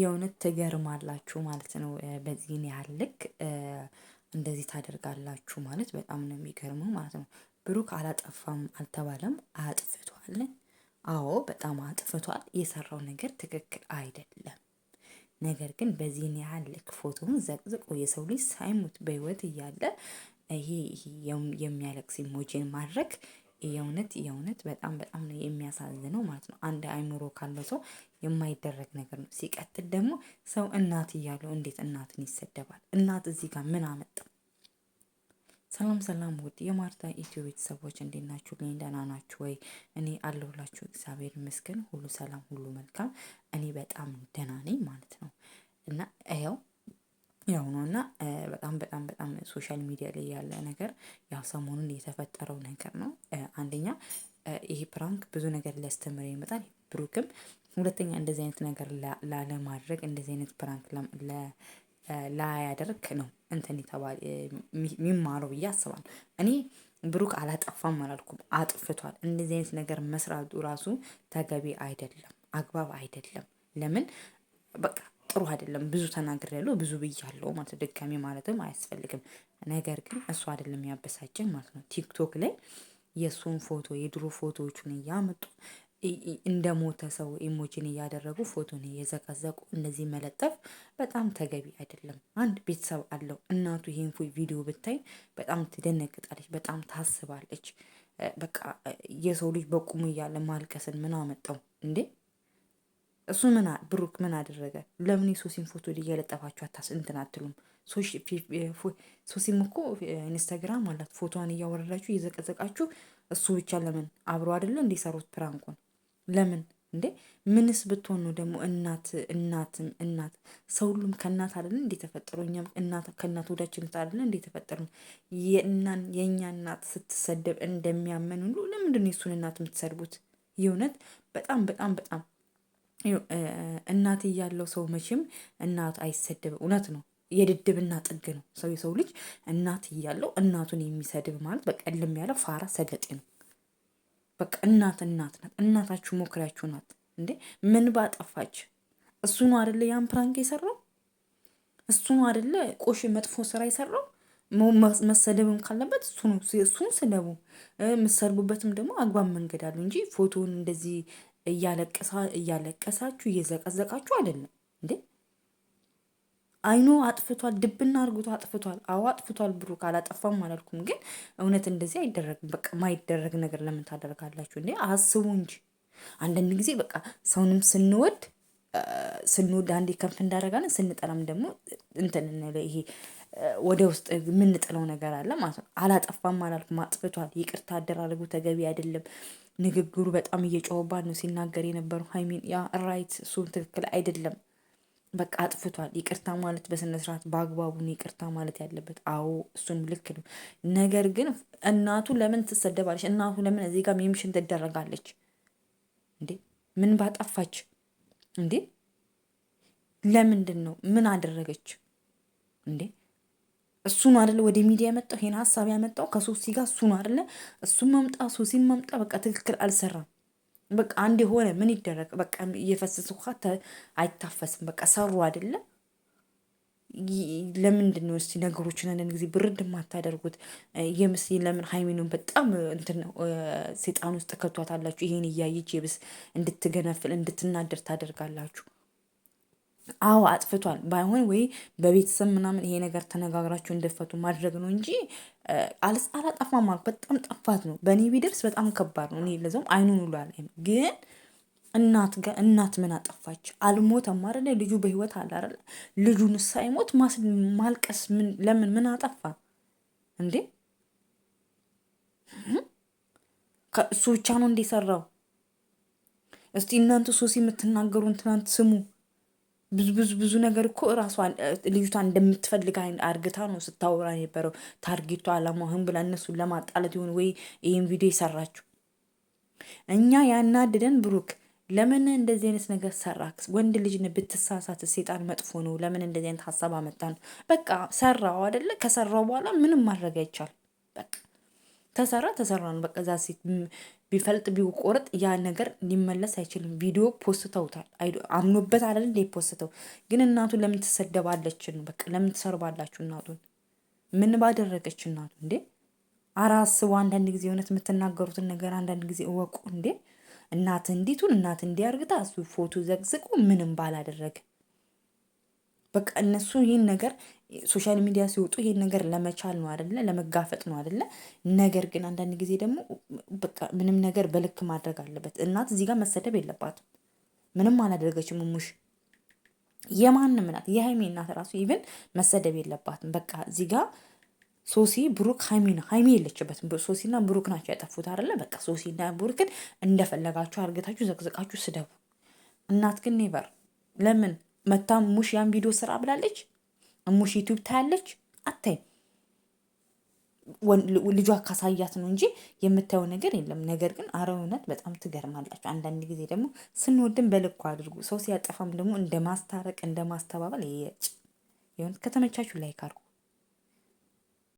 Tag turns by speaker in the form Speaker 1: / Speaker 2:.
Speaker 1: የእውነት ትገርማላችሁ ማለት ነው። በዚህን ያህል ልክ እንደዚህ ታደርጋላችሁ ማለት በጣም ነው የሚገርመው ማለት ነው። ብሩክ አላጠፋም አልተባለም አጥፍቷል። አዎ በጣም አጥፍቷል። የሰራው ነገር ትክክል አይደለም። ነገር ግን በዚህን ያህል ልክ ፎቶውን ዘቅዝቆ የሰው ልጅ ሳይሞት በህይወት እያለ ይሄ የሚያለቅስ ኢሞጂን ማድረግ የእውነት የእውነት በጣም በጣም ነው የሚያሳዝነው ማለት ነው። አንድ አይምሮ ካለው ሰው የማይደረግ ነገር ነው። ሲቀጥል ደግሞ ሰው እናት እያለው እንዴት እናትን ይሰደባል? እናት እዚህ ጋር ምን አመጣ? ሰላም ሰላም፣ ውድ የማርታ ኢትዮ ቤተሰቦች እንዴት ናችሁ? ልኝ ደህና ናችሁ ወይ? እኔ አለሁላችሁ። እግዚአብሔር ይመስገን፣ ሁሉ ሰላም፣ ሁሉ መልካም። እኔ በጣም ደህና ነኝ ማለት ነው እና ያው ያው ነው እና ሶሻል ሚዲያ ላይ ያለ ነገር ያው ሰሞኑን የተፈጠረው ነገር ነው። አንደኛ ይሄ ፕራንክ ብዙ ነገር ሊያስተምር ይመጣል። ብሩክም ሁለተኛ እንደዚህ አይነት ነገር ላለማድረግ እንደዚህ አይነት ፕራንክ ላያደርግ ነው እንትን የተባለ የሚማረው ብዬ አስባለሁ። እኔ ብሩክ አላጠፋም አላልኩም፣ አጥፍቷል። እንደዚህ አይነት ነገር መስራቱ ራሱ ተገቢ አይደለም፣ አግባብ አይደለም። ለምን በቃ ጥሩ አይደለም። ብዙ ተናግር ያለው ብዙ ብያለው ማለት ነው። ድጋሚ ማለትም አያስፈልግም። ነገር ግን እሱ አይደለም ያበሳጨኝ ማለት ነው። ቲክቶክ ላይ የእሱን ፎቶ የድሮ ፎቶዎቹን እያመጡ እንደ ሞተ ሰው ኢሞጂን እያደረጉ ፎቶን እየዘቀዘቁ እንደዚህ መለጠፍ በጣም ተገቢ አይደለም። አንድ ቤተሰብ አለው። እናቱ ይህን ቪዲዮ ብታይ በጣም ትደነግጣለች፣ በጣም ታስባለች። በቃ የሰው ልጅ በቁሙ እያለ ማልቀስን ምን አመጣው እንዴ? እሱ ምን ብሩክ ምን አደረገ? ለምን የሶሲን ፎቶ እየለጠፋችሁ አታስ እንትን አትሉም? ሶሲም እኮ ኢንስታግራም አላት። ፎቶዋን እያወረዳችሁ እየዘቀዘቃችሁ እሱ ብቻ ለምን አብሮ አይደለ እንዲሰሩት ፕራንኩን ለምን እንዴ? ምንስ ብትሆን ነው ደግሞ እናት እናትም እናት ሰው ሁሉም ከእናት አይደለን እንዴ ተፈጠሩ? እኛም እናት ከእናት ወዳችን አይደለን እንዴ ተፈጠሩ? የእናን የእኛ እናት ስትሰደብ እንደሚያመን ሁሉ ለምንድን ነው የእሱን እናት የምትሰድቡት? የእውነት በጣም በጣም በጣም እናት እያለው ሰው መቼም እናቱ አይሰደብም። እውነት ነው፣ የድድብና ጥግ ነው። ሰው የሰው ልጅ እናት እያለው እናቱን የሚሰድብ ማለት በቀልም ያለ ፋራ ሰገጤ ነው። በቃ እናት እናት ናት። እናታችሁ ሞክሪያችሁ ናት እንዴ? ምን ባጠፋች? እሱ ነው አደለ ያን ፕራንክ የሰራው እሱ ነው አደለ ቆሽ መጥፎ ስራ የሰራው መሰደብም ካለበት እሱ ነው። እሱን ስደቡ። የምትሰርቡበትም ደግሞ አግባብ መንገድ አሉ እንጂ ፎቶውን እንደዚህ እያለቀሳችሁ እየዘቀዘቃችሁ አይደለም እንዴ? አይኖ አጥፍቷል፣ ድብና አርግቶ አጥፍቷል። አዎ አጥፍቷል። ብሩክ አላጠፋም አላልኩም፣ ግን እውነት እንደዚህ አይደረግም። በቃ ማይደረግ ነገር ለምን ታደርጋላችሁ እንዴ? አስቡ እንጂ አንዳንድ ጊዜ በቃ ሰውንም ስንወድ ስንወድ አንዴ ከፍ እንዳደረጋለን ስንጠላም ደግሞ እንትን ይሄ ወደ ውስጥ የምንጥለው ነገር አለ ማለት ነው። አላጠፋም አላልኩም፣ አጥፍቷል። ይቅርታ አደራረጉ ተገቢ አይደለም። ንግግሩ በጣም እየጮኸባት ነው ሲናገር የነበረው ሀይሚን። ያ ራይት እሱን ትክክል አይደለም። በቃ አጥፍቷል። ይቅርታ ማለት በስነ ስርዓት በአግባቡ ይቅርታ ማለት ያለበት። አዎ እሱን ልክ ነው። ነገር ግን እናቱ ለምን ትሰደባለች? እናቱ ለምን እዚህ ጋር ሚምሽን ትደረጋለች እንዴ? ምን ባጠፋች እንዴ? ለምንድን ነው ምን አደረገች እንዴ? እሱ ነው አይደለ ወደ ሚዲያ ያመጣው ይሄን ሀሳብ ያመጣው ከሶሲ ጋር እሱ ነው አይደለ እሱም መምጣ ሶሲን መምጣ በቃ ትክክል አልሰራም። በቃ አንድ የሆነ ምን ይደረግ በቃ እየፈሰሰ ውሃ አይታፈስም። በቃ ሰሩ አይደለ ለምንድን ነው እስቲ ነገሮችን አንዳንድ ጊዜ ብርድ የማታደርጉት? የምስ ለምን ሀይሚኑን በጣም እንትን ነው ሴጣን ውስጥ ከቷታላችሁ። ይሄን እያየች የብስ እንድትገነፍል እንድትናደር ታደርጋላችሁ። አዎ አጥፍቷል። ባይሆን ወይ በቤተሰብ ምናምን ይሄ ነገር ተነጋግራችሁ እንደፈቱ ማድረግ ነው እንጂ አላጠፋ ማለት በጣም ጥፋት ነው። በእኔ ቢደርስ በጣም ከባድ ነው። እኔ ለዛውም አይኑን ሁሉ አላይም። ግን እናት ጋር እናት ምን አጠፋች? አልሞተም አይደለ? ልጁ በህይወት አለ አይደለ? ልጁን ሳይሞት ማልቀስ ለምን? ምን አጠፋ እንዴ? እሱ ብቻ ነው እንዴ እስቲ እናንተ ሶሲ የምትናገሩን ትናንት ስሙ። ብዙ ብዙ ብዙ ነገር እኮ እራሷን ልጅቷን እንደምትፈልግ አርግታ ነው ስታወራ የነበረው። ታርጌቷ አላማህን ብላ እነሱን ለማጣለት ይሁን ወይ ይህን ቪዲዮ የሰራችው? እኛ ያናድደን ብሩክ ለምን እንደዚህ አይነት ነገር ሰራክ? ወንድ ልጅ ብትሳሳት ሴጣን መጥፎ ነው። ለምን እንደዚህ አይነት ሀሳብ አመጣ ነው? በቃ ሰራው አደለ? ከሰራው በኋላ ምንም ማድረግ አይቻልም። በቃ ተሰራ ተሰራ ነው። በቃ እዛ ሴት ቢፈልጥ ቢቆርጥ ያ ነገር ሊመለስ አይችልም። ቪዲዮ ፖስተውታል። አምኖበት አለን አለ ፖስተው ግን እናቱን ለምን ትሰደባለችን? በቃ ለምን ትሰርባላችሁ? እናቱን ምን ባደረገች እናቱ እንዴ? አራስቡ። አንዳንድ ጊዜ እውነት የምትናገሩትን ነገር አንዳንድ ጊዜ እወቁ እንዴ። እናት እንዲቱን እናት እንዲያርግታ እሱ ፎቶ ዘቅዝቁ ምንም ባላደረገ በቃ እነሱ ይህን ነገር ሶሻል ሚዲያ ሲወጡ ይሄን ነገር ለመቻል ነው አይደለ? ለመጋፈጥ ነው አይደለ? ነገር ግን አንዳንድ ጊዜ ደግሞ በቃ ምንም ነገር በልክ ማድረግ አለበት። እናት እዚህ ጋር መሰደብ የለባትም። ምንም አላደረገችም። ሙሽ የማንም እናት የሀይሜ እናት ራሱ ኢቭን መሰደብ የለባትም። በቃ እዚህ ጋር ሶሲ ብሩክ ሃይሜ ነው ሀይሜ የለችበትም። ሶሲና ብሩክ ናቸው ያጠፉት አይደለ? በቃ ሶሲና ብሩክን እንደፈለጋችሁ አርገታችሁ ዘቅዘቃችሁ ስደቡ። እናት ግን ኔቨር ለምን መታም ሙሽ ያን ቪዲዮ ስራ ብላለች። እሙሽ ዩቱብ ታያለች አታይም። ልጇ ካሳያት ነው እንጂ የምታየው ነገር የለም። ነገር ግን አረ እውነት በጣም ትገርማላችሁ። አንዳንድ ጊዜ ደግሞ ስንወድም በልኩ አድርጉ። ሰው ሲያጠፋም ደግሞ እንደ ማስታረቅ እንደ ማስተባበል የጭ ከተመቻችሁ ላይክ አድርጉ።